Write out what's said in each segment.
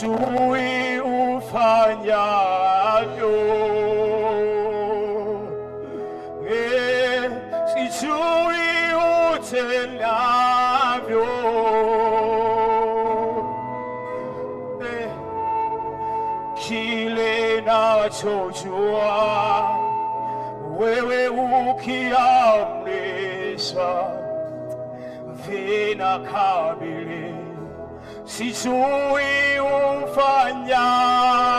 chui ufanyavyo, e, utendavyo, e, kile nachojua wewe ukiamrisha vina 是属于乌发娘。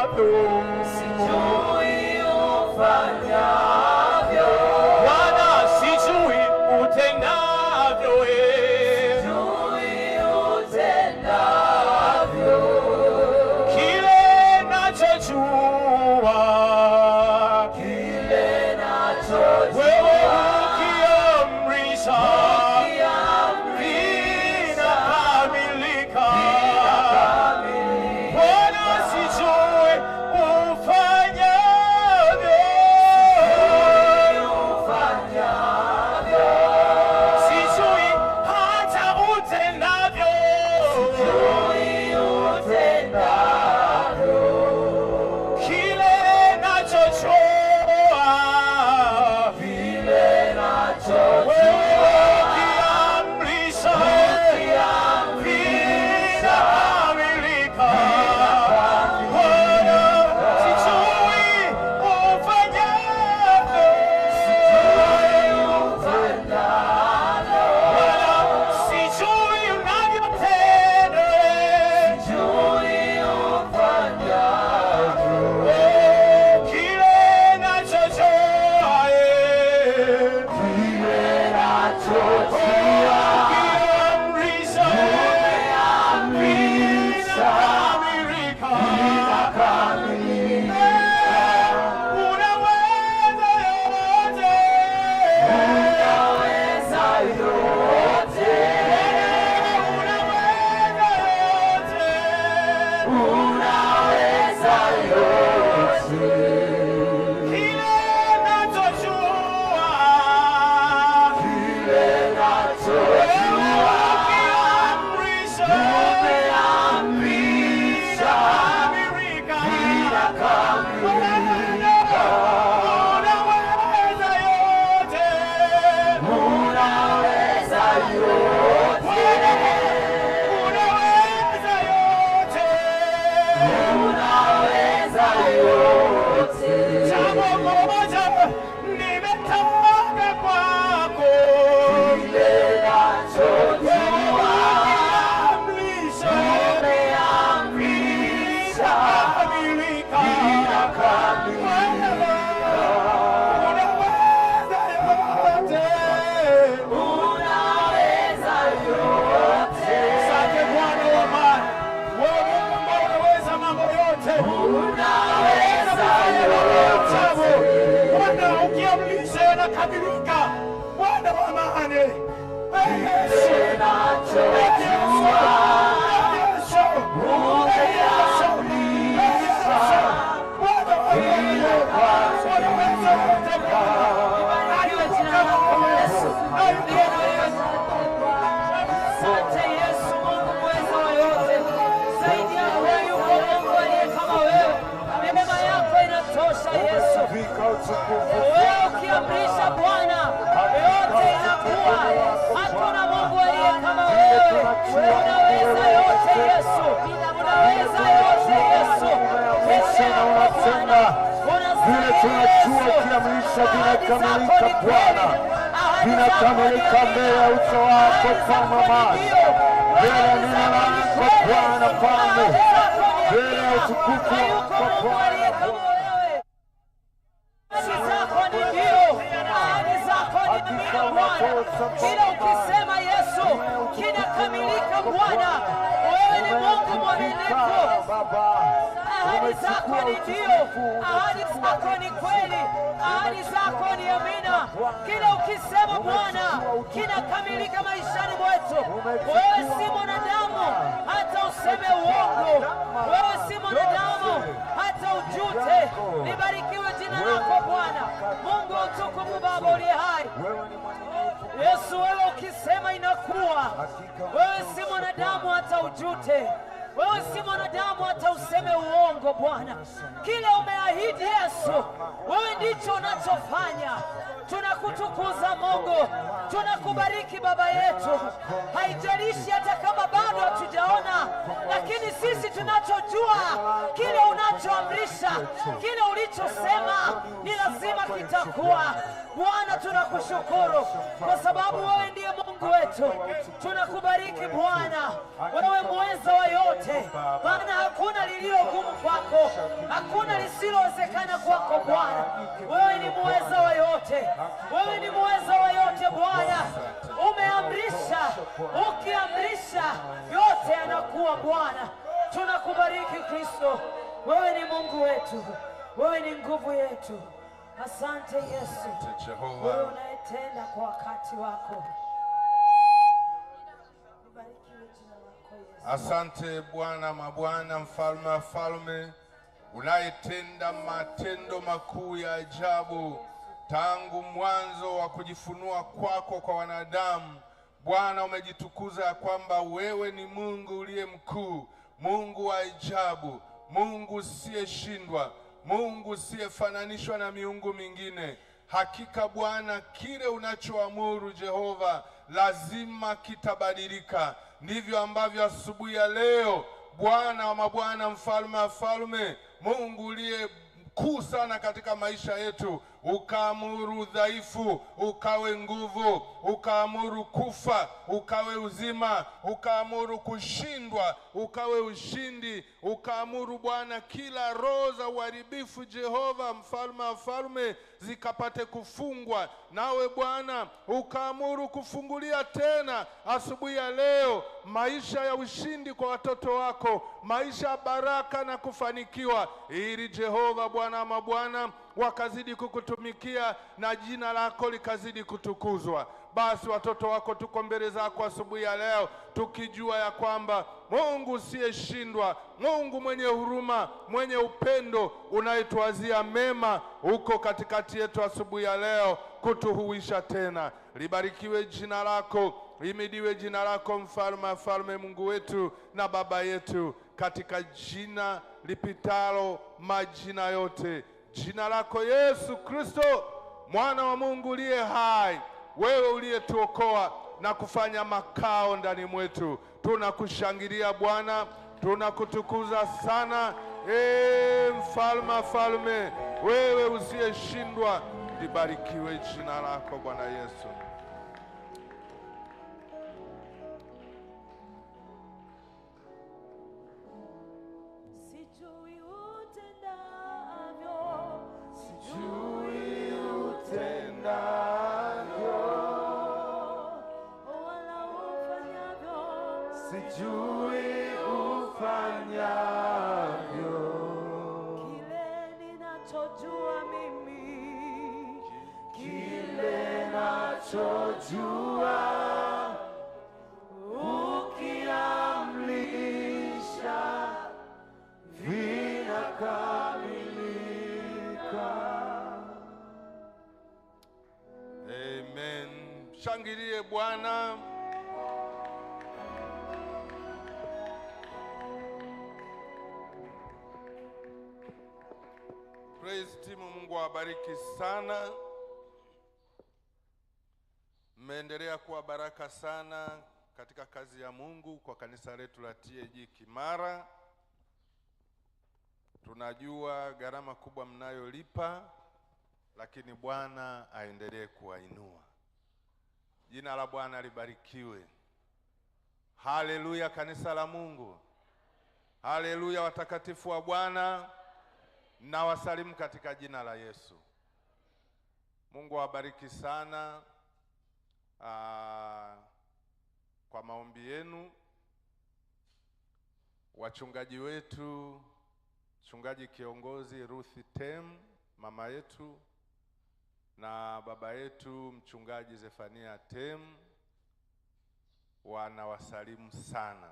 vinakamilika Bwana, vinakamilika mbele ya uso wako kama maji, mbele ya neno lako Bwana Mfalme, mbele ya utukufu wako Bwana. yako ni ndio, ahadi zako ni kweli, ahadi zako ni amina. Kila ukisema Bwana kinakamilika maishani mwetu. Wewe si mwanadamu hata useme uongo, wewe si mwanadamu hata ujute. Libarikiwe jina lako Bwana Mungu wa utukufu, Baba uliye hai. Yesu, wewe ukisema inakuwa, wewe si mwanadamu hata ujute. Wewe si mwanadamu hata useme uongo, Bwana. Kile umeahidi Yesu, wewe ndicho unachofanya. Tunakutukuza Mungu, tunakubariki Baba yetu. Haijalishi hata kama bado hatujaona, lakini sisi tunachojua kile unachoamrisha, kile ulichosema ni lazima kitakuwa. Bwana, tunakushukuru kwa sababu wewe ndiye Mungu wetu, tunakubariki Bwana, wewe muweza wa yote, maana hakuna lililo gumu kwako, hakuna lisilowezekana kwako Bwana. Wewe ni muweza wa yote, wewe ni muweza wa yote Bwana. Umeamrisha, ukiamrisha yote yanakuwa Bwana. Tunakubariki Kristo, wewe ni Mungu wetu, wewe ni nguvu yetu. Asante Yesu, wewe unayetenda kwa wakati wako. Asante Bwana mabwana, mfalme wa falme, unayetenda matendo makuu ya ajabu tangu mwanzo wa kujifunua kwako kwa wanadamu. Bwana, umejitukuza ya kwamba wewe ni Mungu uliye mkuu, Mungu wa ajabu, Mungu usiyeshindwa, Mungu usiyefananishwa na miungu mingine. Hakika Bwana, kile unachoamuru Jehova lazima kitabadilika ndivyo ambavyo asubuhi ya leo Bwana wa mabwana, mfalme wa falme, Mungu uliye mkuu sana katika maisha yetu ukaamuru udhaifu ukawe nguvu, ukaamuru kufa ukawe uzima, ukaamuru kushindwa ukawe ushindi, ukaamuru Bwana kila roho za uharibifu, Jehova mfalme wa falme, zikapate kufungwa. Nawe Bwana ukaamuru kufungulia tena asubuhi ya leo maisha ya ushindi kwa watoto wako, maisha ya baraka na kufanikiwa, ili Jehova Bwana mabwana wakazidi kukutumikia na jina lako likazidi kutukuzwa. Basi watoto wako tuko mbele zako asubuhi ya leo, tukijua ya kwamba Mungu usiyeshindwa, Mungu mwenye huruma, mwenye upendo, unayetuazia mema, huko katikati yetu asubuhi ya leo kutuhuisha tena. Libarikiwe jina lako, limidiwe jina lako, mfalme mfalme, Mungu wetu na baba yetu, katika jina lipitalo majina yote jina lako Yesu Kristo, mwana wa Mungu uliye hai, wewe uliyetuokoa na kufanya makao ndani mwetu, tunakushangilia Bwana, tunakutukuza sana. E, mfalme falme, wewe usiyeshindwa, libarikiwe jina lako Bwana Yesu. anachojua ukiamlisha vinakamilika. Amen. Shangilie Bwana. Praise timu, Mungu awabariki sana. Mmeendelea kuwa baraka sana katika kazi ya Mungu kwa kanisa letu la TAG Kimara. Tunajua gharama kubwa mnayolipa, lakini Bwana aendelee kuwainua. Jina la Bwana libarikiwe. Haleluya, kanisa la Mungu. Haleluya, watakatifu wa Bwana. Nawasalimu katika jina la Yesu. Mungu awabariki sana aa, ah, kwa maombi yenu wachungaji wetu, mchungaji kiongozi Ruth Tem mama yetu na baba yetu mchungaji Zefania Tem wanawasalimu sana.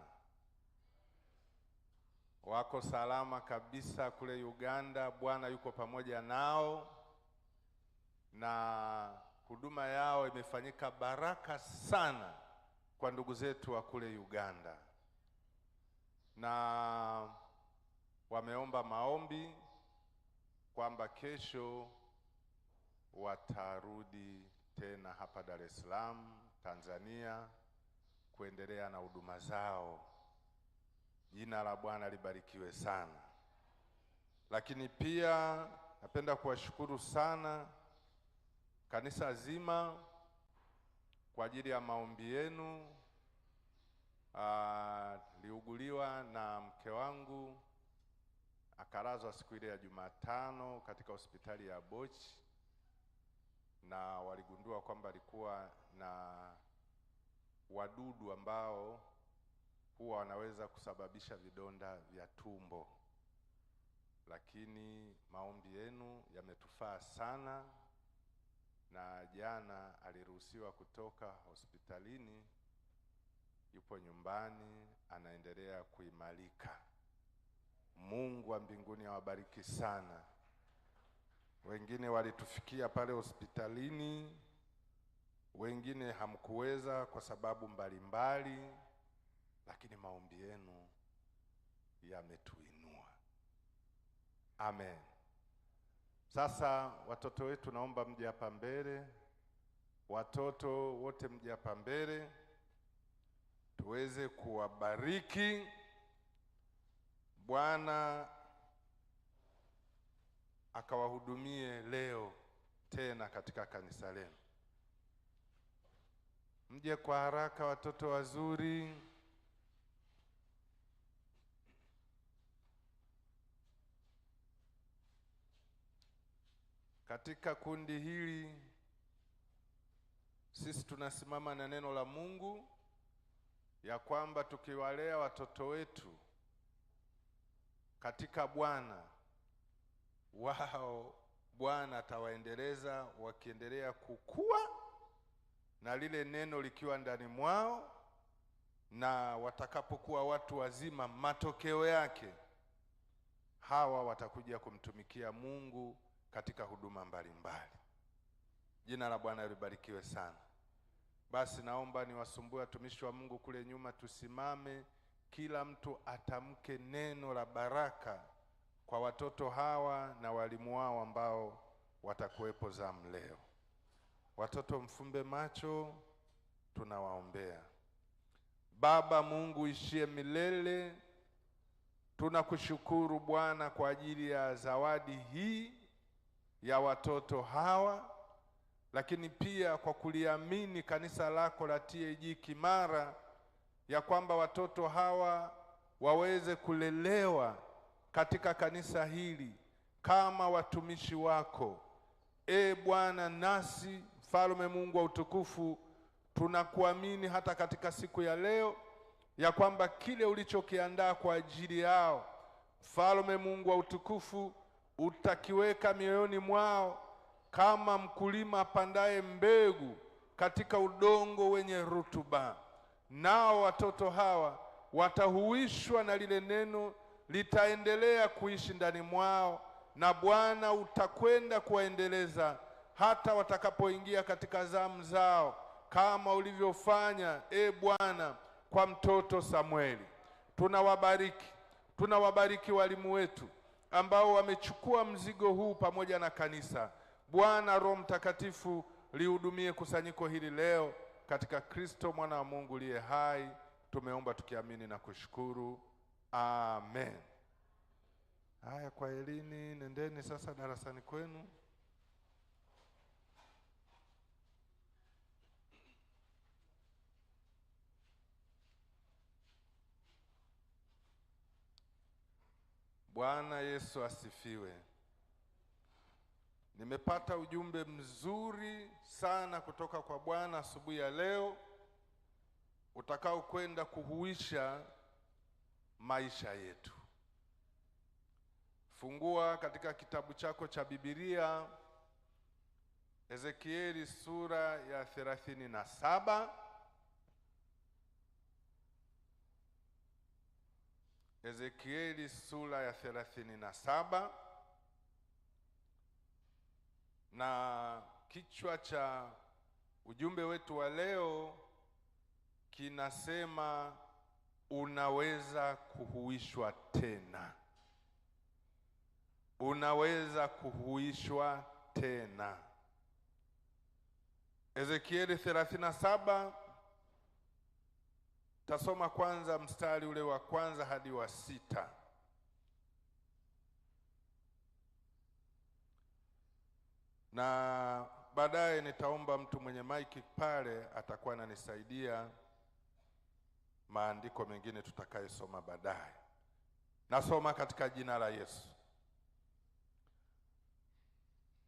Wako salama kabisa kule Uganda. Bwana yuko pamoja nao na huduma yao imefanyika baraka sana kwa ndugu zetu wa kule Uganda, na wameomba maombi kwamba kesho watarudi tena hapa Dar es Salaam Tanzania kuendelea na huduma zao. Jina la Bwana libarikiwe sana. Lakini pia napenda kuwashukuru sana kanisa zima kwa ajili ya maombi yenu. Aliuguliwa ah, na mke wangu akalazwa siku ile ya Jumatano katika hospitali ya Bochi, na waligundua kwamba alikuwa na wadudu ambao huwa wanaweza kusababisha vidonda vya tumbo, lakini maombi yenu yametufaa sana na jana aliruhusiwa kutoka hospitalini, yupo nyumbani, anaendelea kuimarika. Mungu wa mbinguni awabariki sana. Wengine walitufikia pale hospitalini, wengine hamkuweza kwa sababu mbalimbali mbali, lakini maombi yenu yametuinua. Amen. Sasa watoto wetu, naomba mje hapa mbele, watoto wote mje hapa mbele tuweze kuwabariki. Bwana akawahudumie leo tena katika kanisa lenu. Mje kwa haraka watoto wazuri. Katika kundi hili sisi tunasimama na neno la Mungu ya kwamba tukiwalea watoto wetu katika Bwana, wao Bwana atawaendeleza wakiendelea kukua na lile neno likiwa ndani mwao, na watakapokuwa watu wazima, matokeo yake hawa watakuja kumtumikia Mungu katika huduma mbalimbali mbali. Jina la Bwana libarikiwe sana. Basi naomba niwasumbue watumishi wa Mungu kule nyuma, tusimame, kila mtu atamke neno la baraka kwa watoto hawa na walimu wao ambao watakuwepo zamu leo. Watoto mfumbe macho, tunawaombea. Baba Mungu ishie milele, tunakushukuru Bwana kwa ajili ya zawadi hii ya watoto hawa, lakini pia kwa kuliamini kanisa lako la TAG Kimara, ya kwamba watoto hawa waweze kulelewa katika kanisa hili kama watumishi wako. E Bwana, nasi mfalme Mungu wa utukufu, tunakuamini hata katika siku ya leo ya kwamba kile ulichokiandaa kwa ajili yao, mfalme Mungu wa utukufu utakiweka mioyoni mwao kama mkulima apandaye mbegu katika udongo wenye rutuba, nao watoto hawa watahuishwa na lile neno, litaendelea kuishi ndani mwao, na Bwana utakwenda kuwaendeleza hata watakapoingia katika zamu zao, kama ulivyofanya, e Bwana, kwa mtoto Samweli. Tunawabariki, tunawabariki walimu wetu ambao wamechukua mzigo huu pamoja na kanisa. Bwana Roho Mtakatifu, lihudumie kusanyiko hili leo katika Kristo mwana wa Mungu liye hai. Tumeomba tukiamini na kushukuru, amen. Haya, kwa elini, nendeni sasa darasani kwenu. Bwana Yesu asifiwe. Nimepata ujumbe mzuri sana kutoka kwa Bwana asubuhi ya leo utakao kwenda kuhuisha maisha yetu. Fungua katika kitabu chako cha Biblia Ezekieli sura ya 37 Ezekieli sura ya thelathini na saba na kichwa cha ujumbe wetu wa leo kinasema unaweza kuhuishwa tena, unaweza kuhuishwa tena. Ezekieli 37 Tasoma kwanza mstari ule wa kwanza hadi wa sita. Na baadaye nitaomba mtu mwenye maiki pale atakuwa ananisaidia maandiko mengine tutakayesoma baadaye. Nasoma katika jina la Yesu.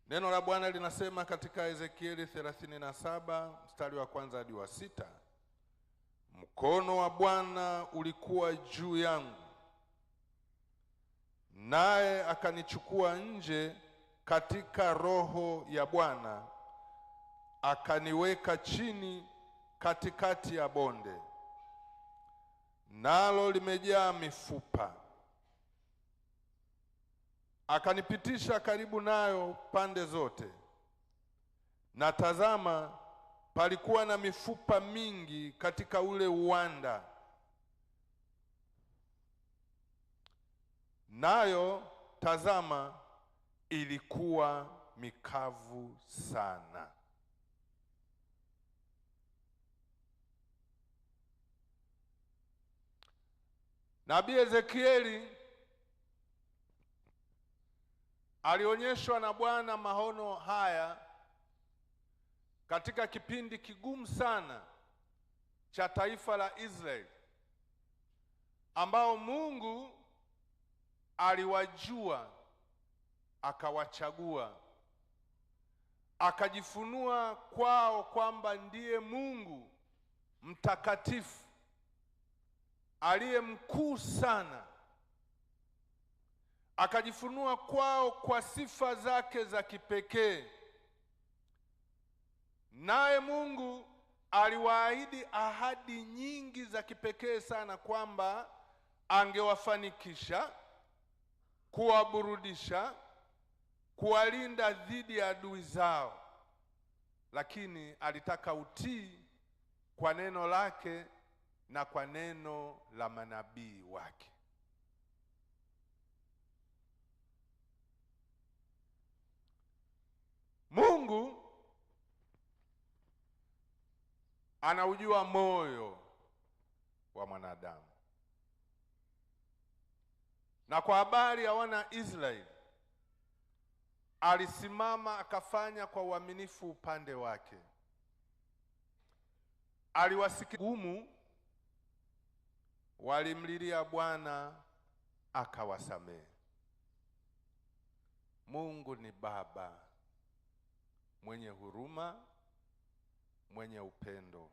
Neno la Bwana linasema katika Ezekieli 37 mstari wa kwanza hadi wa sita. Mkono wa Bwana ulikuwa juu yangu, naye akanichukua nje katika roho ya Bwana, akaniweka chini katikati ya bonde, nalo limejaa mifupa. Akanipitisha karibu nayo pande zote, na tazama palikuwa na mifupa mingi katika ule uwanda, nayo tazama, ilikuwa mikavu sana. Nabii Ezekieli alionyeshwa na Bwana maono haya katika kipindi kigumu sana cha taifa la Israeli ambao Mungu aliwajua akawachagua akajifunua kwao kwamba ndiye Mungu mtakatifu aliye mkuu sana, akajifunua kwao kwa sifa zake za kipekee Naye Mungu aliwaahidi ahadi nyingi za kipekee sana kwamba angewafanikisha, kuwaburudisha, kuwalinda dhidi ya adui zao, lakini alitaka utii kwa neno lake na kwa neno la manabii wake. Mungu anaujua moyo wa mwanadamu. Na kwa habari ya wana Israeli alisimama akafanya kwa uaminifu upande wake, aliwasikia gumu, walimlilia Bwana akawasamehe. Mungu ni Baba mwenye huruma mwenye upendo.